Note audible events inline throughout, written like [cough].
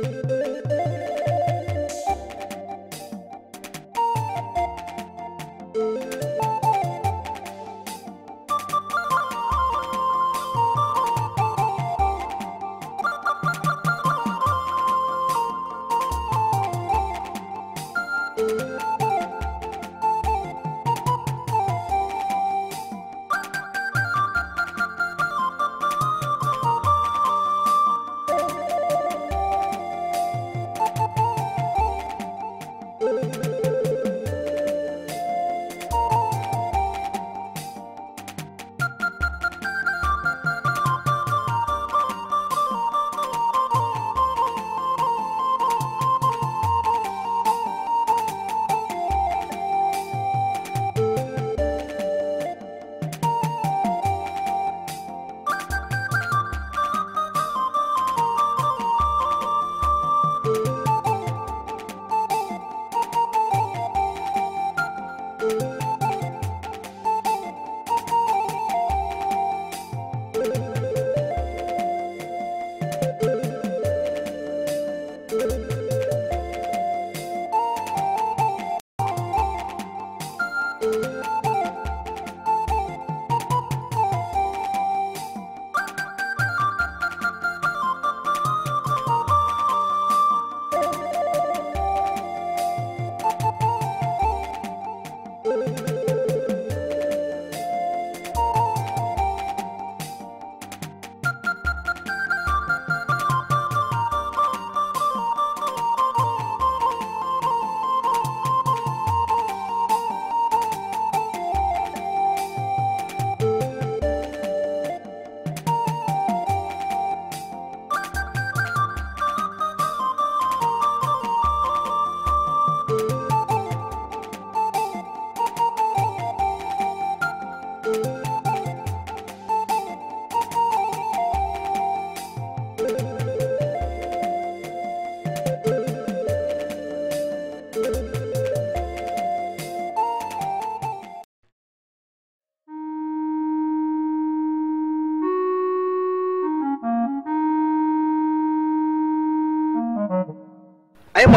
Thank [laughs] you.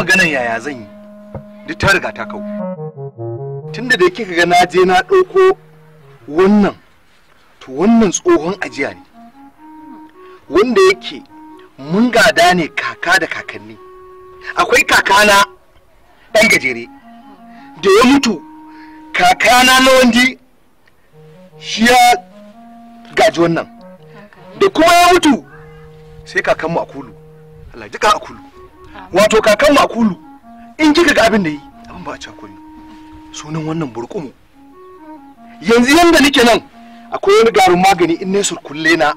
maganan yaya zan yi duk ta riga ta kau tunda da kika ga na je na ɗauko wannan to wannan tsohon ajiya ne wanda yake mun gada ne kaka da kakanni akwai kakana ɗan gajere da ya mutu kakana na wandi shi ya gaji wannan da kuma ya mutu sai kakanmu a kulu Allah jika a kulu wato kakan makulu in kika ga abin da yi abin ba a sunan wannan burkumu yanzu yanda nake nan akwai wani garin magani in ne kulle na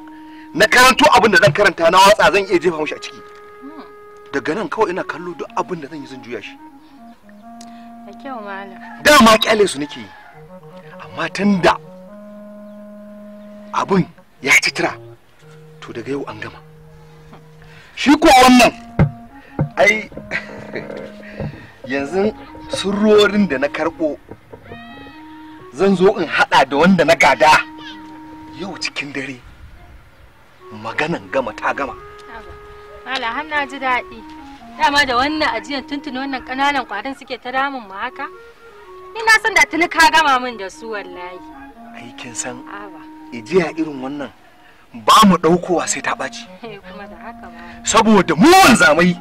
na karanto abin da zan karanta na watsa zan iya jefa mashi a ciki daga nan kawai ina kallo duk abin da zan yi zan juya shi da kyau malam dama kyale su nake yi amma tunda abin ya ci to daga yau an gama shi kuwa wannan ai yanzu surorin da na karɓo zan zo in haɗa da wanda na gada yau cikin dare maganan gama ta gama Mala har na ji daɗi dama da wannan ajiyar tuntuni wannan ƙananan kwarin suke ta damun mu haka ni na san da tuni ka gama min da su wallahi aikin san ijiya irin wannan ba mu ɗaukowa sai ta ɓaci eh, saboda mu wanzamai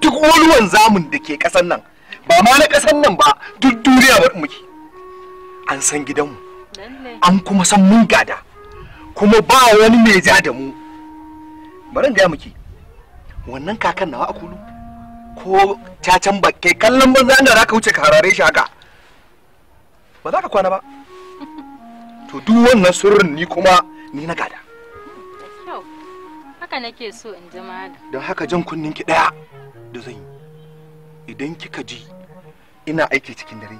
duk wani wanzamin da ke kasan nan ba ma na kasan nan ba duk duniya ba muke an san gidanmu an kuma san mun gada kuma ba wani mai ja da mu bari in gaya muke wannan kakan nawa a kulu ko cacan ba kallon banza da za ka wuce ka harare shi haka ba za ka kwana ba [laughs] to duk wannan sirrin ni kuma ni na gada haka nake so in ji malam don haka jan kunnin ki daya yadda zan yi idan kika ji ina aiki cikin dare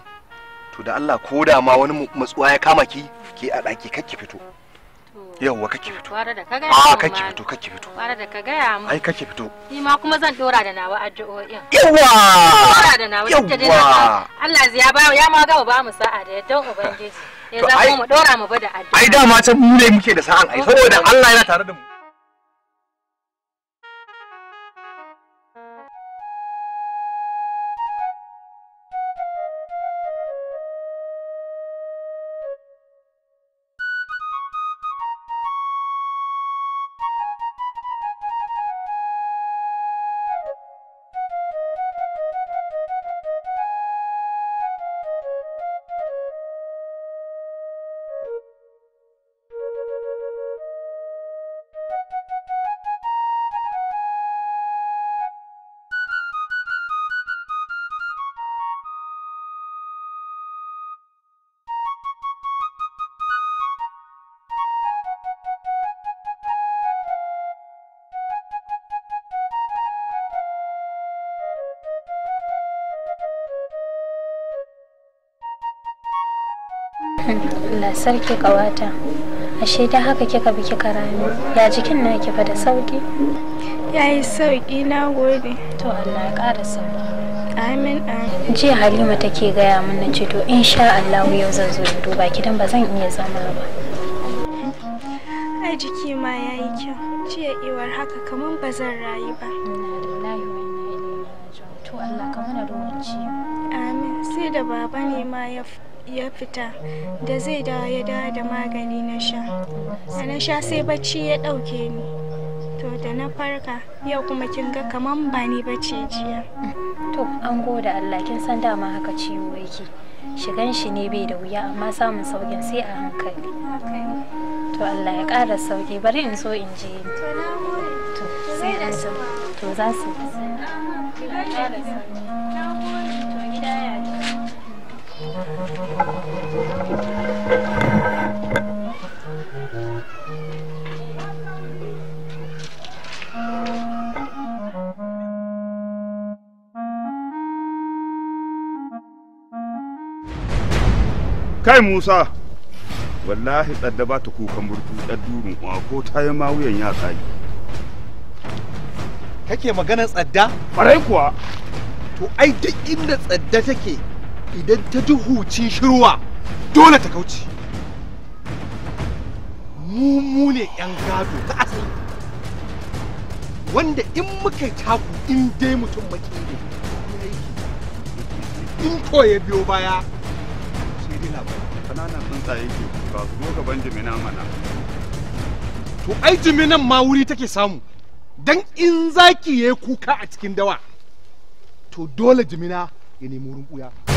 to da Allah ko da ma wani matsuwa ya kama ki ke a ɗaki kakki fito yawwa kake fito a kake fito kake fito ai kake fito ni ma kuma zan dora da nawa addu'o'in yawwa da nawa yawwa Allah ya ba ya ma ga ba mu sa'a da yaddan ubangiji [laughs] ya zama mu dora mu ba da addu'a ai dama can mu ne muke da sa'an ai saboda Allah yana tare da mu Allah sarki kawata ashe ta haka kika biki karami ya jikin na kifa da sauki yayi sauki na gode to Allah ya ƙara sauki amin amin jiya halima take gaya min na ce to insha Allah yau zan zo da duba ki dan ba zan iya zama ba ai jiki ma yayi kyau jiya iwar haka kaman ba zan rayu ba to Allah ka mana ruwan ci. amin sai da baba ne ma ya ya fita da zai dawo ya dawo da magani na sha a na sha sai bacci ya ɗauke ni to da na farka yau kuma kin ga kaman ba ni bacci jiya to an gode Allah kin san dama haka ciwo yake shigan shi ne bai da wuya amma samun saukin sai a hankali to Allah ya ƙara sauki bari in so in je to sai dan to za su ƙara sauki kai musa wallahi tsadda ba ta kukan burtu tsaddurin uwa ko ta yi mawuyan ya tsari kake maganar tsadda? ƙwarai kuwa to ai duk inda tsadda take idan ta ji hucin shirwa dole ta kauce mu 'yan gado ta asali wanda in muka taku in dai mutum maki ne in ko ya biyo baya sai dai labari kanana tsuntsaye yake ba su zo gaban jimina mana to ai jiminan ma wuri take samu dan in zaki ya kuka a cikin dawa to dole jimina ya nemi wurin ɓuya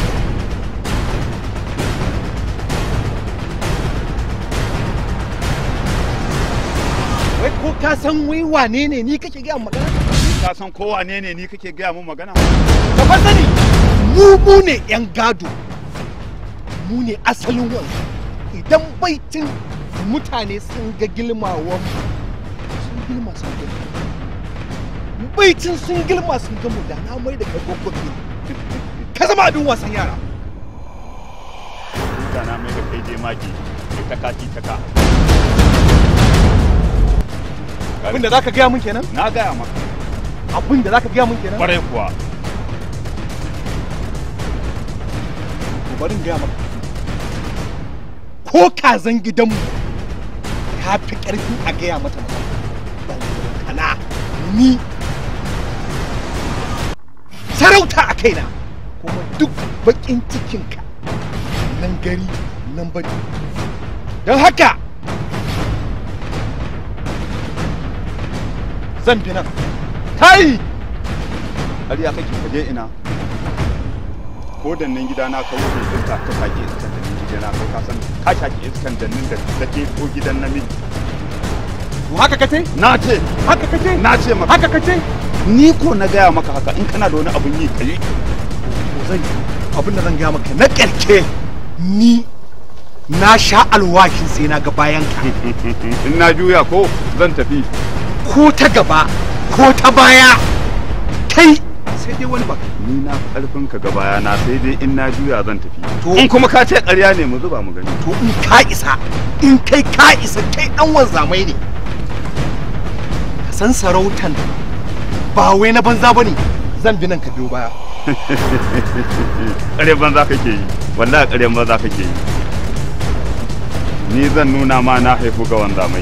wai ko ka san wai wane ne ni kake gaya magana ka san ko wane ne ni kake gaya mu magana ka fa sani mu mu ne yan gado mu ne asalin wani idan baitin mutane sun ga gilmawan sun gilma sun ga baitin sun gilma sun ga mu da na mai da gaggaggafi ka zama abin wasan yara mutana mai da kai je maki ta kaki ta ka abin da zaka gaya mun kenan na gaya maka abin da zaka gaya mun kenan kwarai kuwa to bari gaya maka ko kazan gidanmu ka fi karfi a gaya mata kana ni sarauta a kaina kuma duk bakin cikinka nan gari nan bari don haka zan bi nan kai ƙarya kake ka je ina ko dannin gidana kawo wuce iska ka sake iskan dannin na ko ka san ka sake iskan dannin da take ko gidan namiji to haka kace na ce haka kace na ce maka haka kace ni ko na gaya maka haka in kana da wani abun yi ka yi zan yi abin da zan gaya maka na ƙarke ni na sha alwashin sai na ga bayan ka [laughs] in na juya ko zan tafi ko ta gaba ko ta baya kai sai dai wani ba ni na karfin ka gaba na sai dai in na juya zan tafi to in kuma ka ce ƙarya ne mu zuba mu gani to in ka isa in kai ka isa kai dan wanzamai ne ka san sarautan ba wai na banza bane zan bi nan ka biyo baya [laughs] ƙarya banza kake yi wallahi ƙarya banza kake yi ni zan nuna ma na haifu ga wanzamai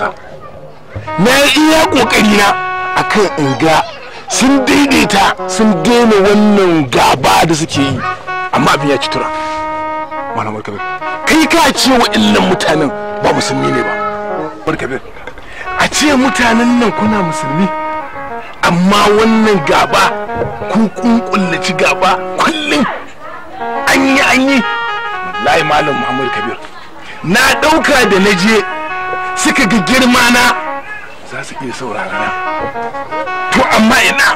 hausa na iya kokari na akan in ga sun daidaita sun daina wannan gaba da suke yi amma abin ya ci tura malam barkabir kai ka ce wa illan mutanen ba musulmi ne ba barkabir a ce mutanen nan kuna musulmi amma wannan gaba kun kunkullaci gaba kullum an yi an yi layi malam muhammadu kabir na ɗauka da na je suka ga girma na za su iya saurara to amma ina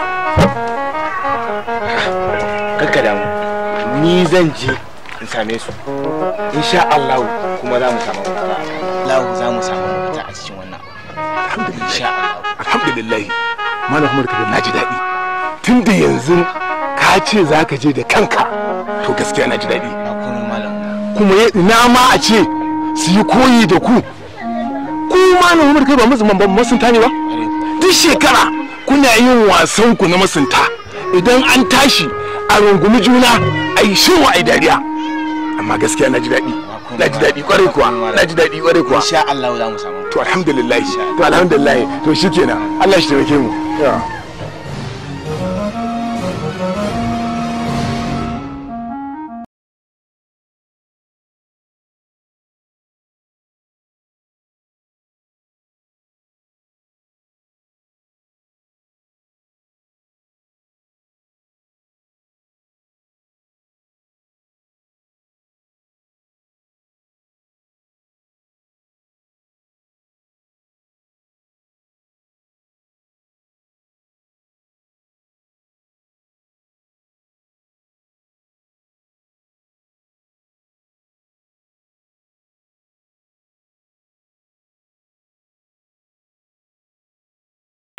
kakka damu ni zan je in same su insha Allah kuma za mu samu Allah za mu samu mafita a cikin wannan alhamdulillah alhamdulillah malam Umar kadan naji daɗi tun da yanzu ka ce za ka je da kanka to gaskiya na ji daɗi kuma ina ma a ce su yi koyi da ku Kuma na umar kai ba musulman ba masunta ne ba duk shekara kuna yin wasan ku na masunta idan an tashi a rungumi juna a yi shiru a yi dariya amma gaskiya na ji daɗi na ji daɗi kwarai kuwa na ji daɗi kwarai kuwa insha Allah za mu samu to alhamdulillah to alhamdulillah to shikenan Allah shi taimake mu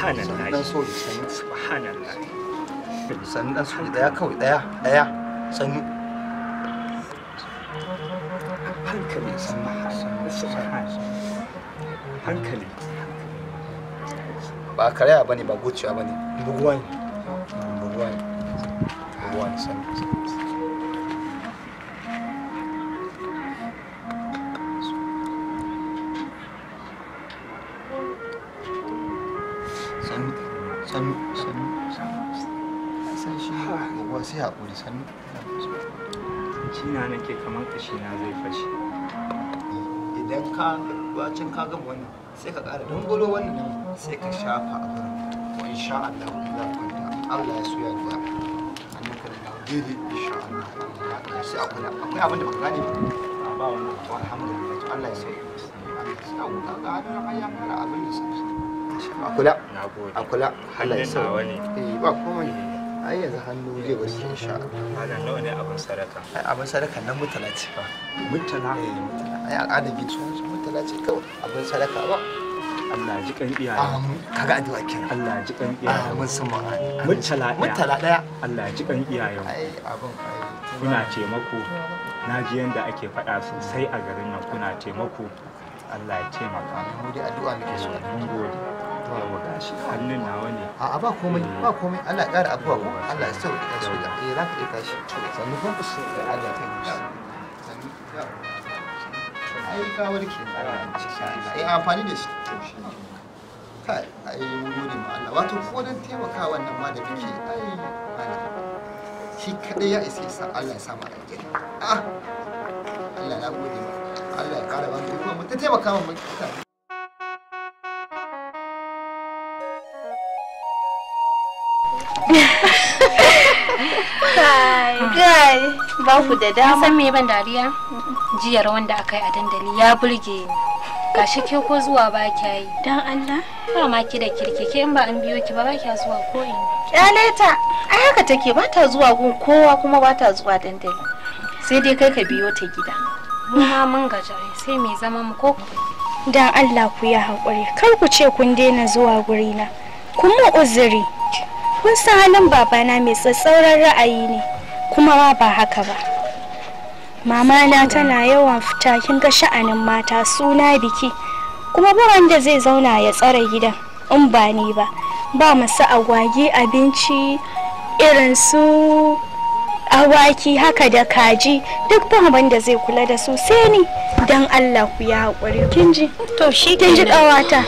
subhanallah ɗan so subhanallah sannu dan so ɗaya kawai ɗaya ɗaya sannu hankali hankali ba karaya bane ba gocewa bane buguwa ne buguwa ne buguwa ne sannu da sannu na nake kamar na zai fashe idan ka bacin ka gama wannan sai ka ƙara dangwalo wannan sai ka shafa a wurin wa insha Allah za ka kwanta Allah ya soya da hannun ka da gidi insha Allah sai a kula akwai abin da baka gane ba ba wannan to alhamdulillah Allah ya soya a kula ga hannun haya mara abin da sai a kula a kula Allah eh, ba komai ai yanzu hannu zai warke insha Allah malam nawa ne abin sadaka ai abin sadaka nan mutala ce fa mutala eh, mutala ai al'ada su mutala ce kawai abin sadaka ba Allah ji kan iyaye kaga addu'a kenan Allah ji kan iyaye amin sama mutala mutala daya Allah ji kan iyaye ai abin kuna taimako na ji yanda ake faɗa sosai a garin nan kuna taimako Allah ya taimaka mu dai addu'a muke so eh, mun gode to ga shi hannun nawa ne a ba komai eh. ba komai Allah ƙara abuwa ko Allah ya sauke ka eh, za ka ku sai Allah ta yi ai ka warke ai amfani da shi kai ai mun gode ma Allah wato ko dan taimaka wannan ma da kike ai shi kadai ya isa sa Allah ya sa ah Allah gode ma Allah ya ƙara ba taimaka Ah. kai ba ku da dama san me ban dariya jiyar wanda aka yi a dandali ya burge ni gashi ke ko zuwa ba kya yi dan Allah ba ma ki da kirki ke in ba an biyo ki ba ba kya zuwa ko ina kyale ta ai haka take ba ta zuwa gun kowa kuma ba ta zuwa dandali sai dai kai ka biyo ta gida mu ma mun gaja sai me zama mu ko dan Allah ku ya haƙuri kar ku ce kun daina zuwa gurina kun mu uzuri kun san halin babana mai tsatsauran ra'ayi ne kuma ma ba haka ba mama na tana yawan fita kin ga sha'anin mata suna biki kuma ba wanda zai zauna ya tsare gidan in ba ni ba ba masu agwagi abinci irin su awaki haka da kaji duk ba wanda zai kula da su sai ni dan Allah ku ya hakuri kin ji to shi kin ji ƙawata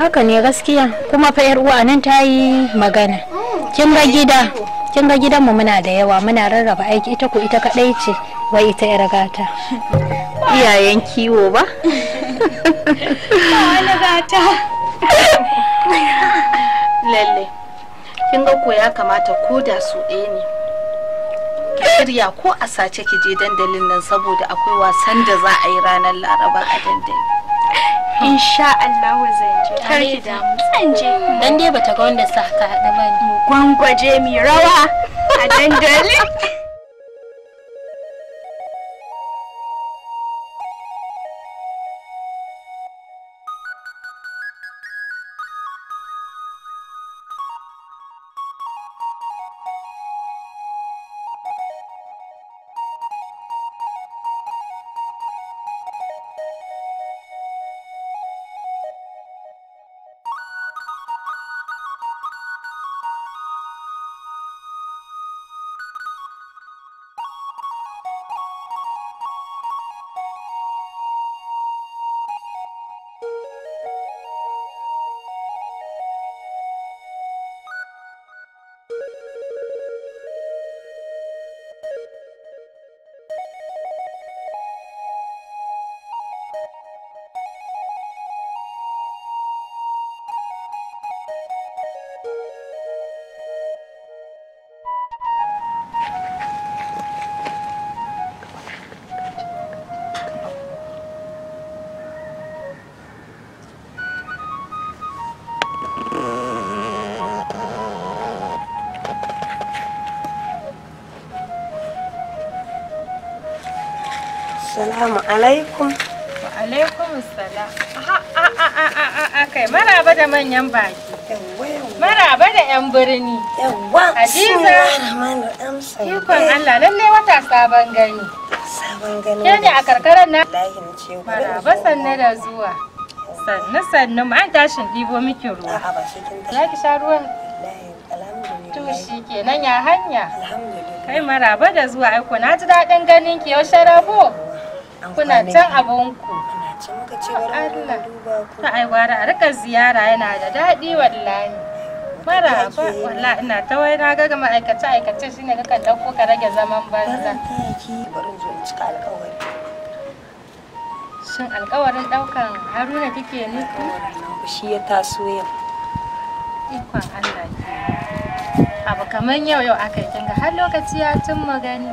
haka ne gaskiya kuma fa yar uwa nan ta yi magana kin ga gida kin gidan mu muna da yawa muna rarraba aiki ita ku ita kadai ce wai ita yar gata iyayen kiwo ba wani gata lalle kin ga ko ya kamata ko da su ɗaya ne ki shirya ko a sace ki je dandalin nan saboda akwai wasan da za a yi ranar laraba a dandali insha Allah zan je karki da zan je dan dai bata ga wanda sa da hada ba gwangwaje mi rawa a dandali [laughs] Assalamu alaikum. Wa alaikum assalam. Kai maraba da manyan baki. Maraba da 'yan birni. Hadiza. Ikon Allah lallai wata sabon gani. Sabon gani. Ke ne a karkarar na? Maraba sanne da zuwa. Sannu sannu ma an tashin ɗibo miki ruwa. A'a ba shi kin tashi. sha ruwan? To shi kenan ya hanya. Alhamdulillah. Kai maraba da zuwa aiko na ji daɗin ganin ki yau sharabo. kuna can abunku Allah ta aiwara a rika ziyara yana da daɗi wallahi mara ba wallahi ina ta wai na ga ma'aikace aikace shine ka kan dauko ka rage zaman banza shin alkawarin daukan haruna kike nufi shi ya taso yau ikon Allah abu kamar yau yau aka yi kinga har lokaci ya tun magani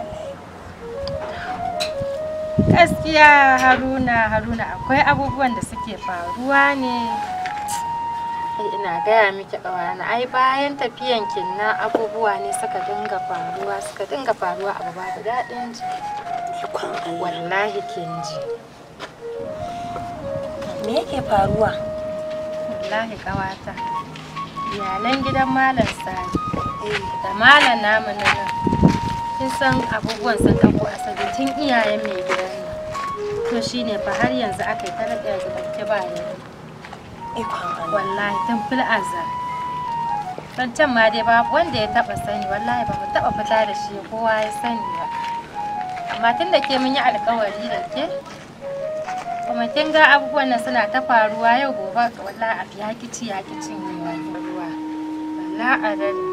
gaskiya haruna haruna akwai abubuwan da suke faruwa ne ina gaya miki ƙawana ai bayan tafiyan na abubuwa ne suka dinga faruwa suka dinga faruwa abu babu daɗin ji wallahi kin ji me yake faruwa wallahi ƙawata iyalan gidan malam sani eh, da malam namu na nan kin san abubuwan sun ɗauko asali tun iyayen mai gidan ne to shine fa har yanzu aka yi tare da yanzu bakke ba ne wallahi tun fil azar don can ma dai babu wanda ya taɓa sani wallahi ba mu taɓa fita da shi kowa ya sani ba amma tun da ke mun yi alkawari da ke kuma kin ga abubuwan nan suna ta faruwa yau gobe wallahi a ya kici ya kici ne ruwa wallahi a dare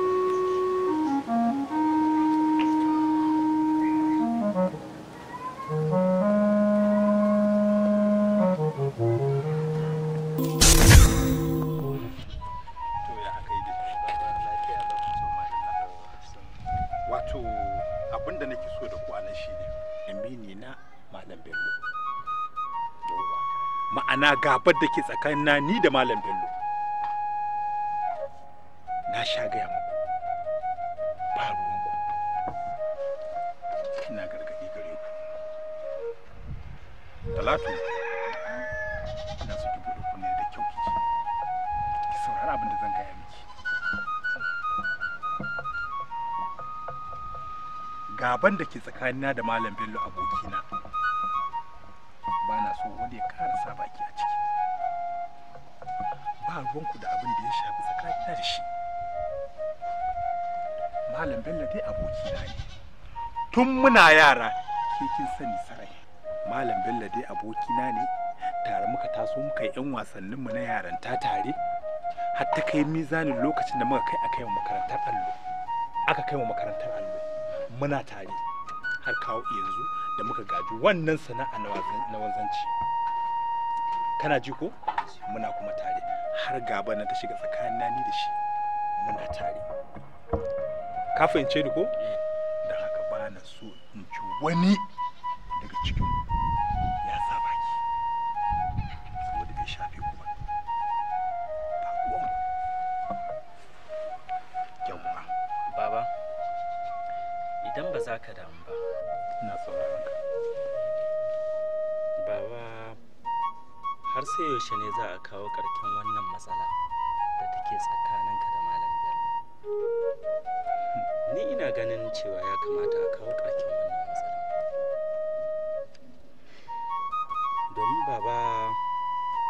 ma'ana gabar da ke tsakanina ni da malam bello na sha gaya muku ba ruwanku ina gargaɗi gare ku talatu ina so dubu da kunne da kyau kiki ki saurari abin da zan gaya miki gaban da ke tsakanina da malam bello abokina malam bello dai aboki na ne tun muna yara ke kin sani sarai malam bello dai aboki na ne tare muka taso muka yi yan wasannin mu na yaran ta tare har ta kai mizanin lokacin da muka kai aka yi makarantar allo aka kai makarantar allo muna tare har kawo yanzu da muka gaji wannan sana'a na wanzanci kana ji ko muna kuma tare har gaba na ta shiga tsakanin ni da shi muna tare ka fahimce ni ko da haka ba na so in ci wani daga cikin ya sa baki saboda bai shafe ku ba ba kuwa yawwa baba idan ba za ka damu ba ina sauraron ka baba har sai yaushe ne za a kawo ƙarken wannan matsala da take tsaka ni ina ganin cewa ya kamata a kawo ƙarshen wannan matsala domin baba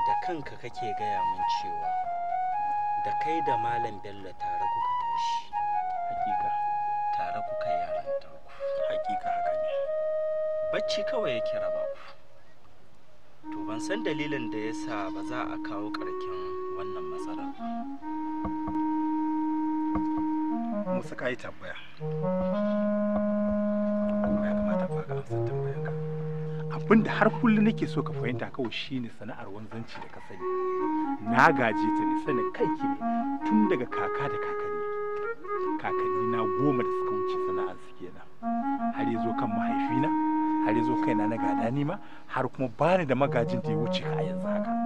da kanka kake gaya min cewa da kai da malam bello tare kuka tashi hakika tare kuka yaran ku hakika haka ne bacci kawai yake raba ku to ban san dalilin da yasa ba za a kawo ƙarken ka yi tambaya kuma ya kamata ba amsar tambayan ka abin da har kullum nake so ka fahimta kawai shine sana'ar wanzanci da ka sani na gaje ta ne sanin kai ne tun daga kaka da kakanni kakanni na goma da suka wuce sana'ar su kenan har ya zo kan mahaifina har ya zo kaina na gada nima har kuma bani da magajin da ya wuce ka a yanzu haka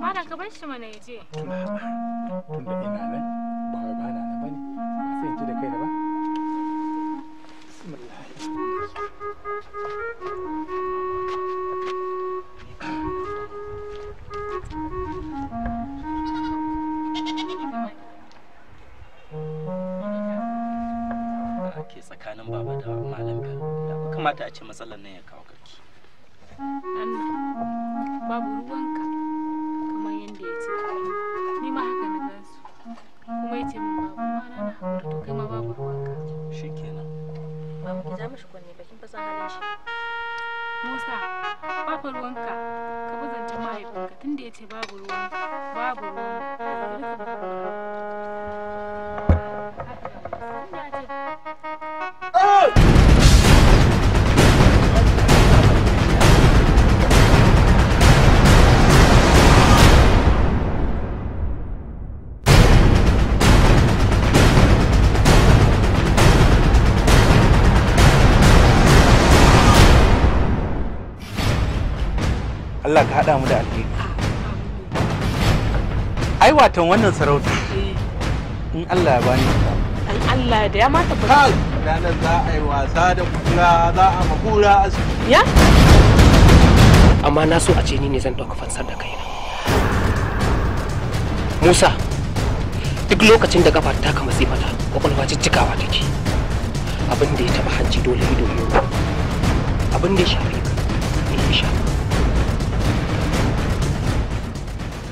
Mana ka bar shi mana ya je. Tunda ina nan ba wai bana na bane ba sai ji da da ba. ake tsakanin baba da kamata a ce matsalar nan ya kawo Allah ka haɗa mu da alheri ai watan wannan sarauta in Allah ya bani ta In Allah da ya mata kal ranar za a yi wasa da kura za a makura a ya amma na so a ce ni ne zan ɗauka fansar da kaina Musa duk lokacin da gabar ta kama sifata kwakwalwa jijjigawa take abin da ya taba hanci dole ido ne abin da ya shafe ka ya shafe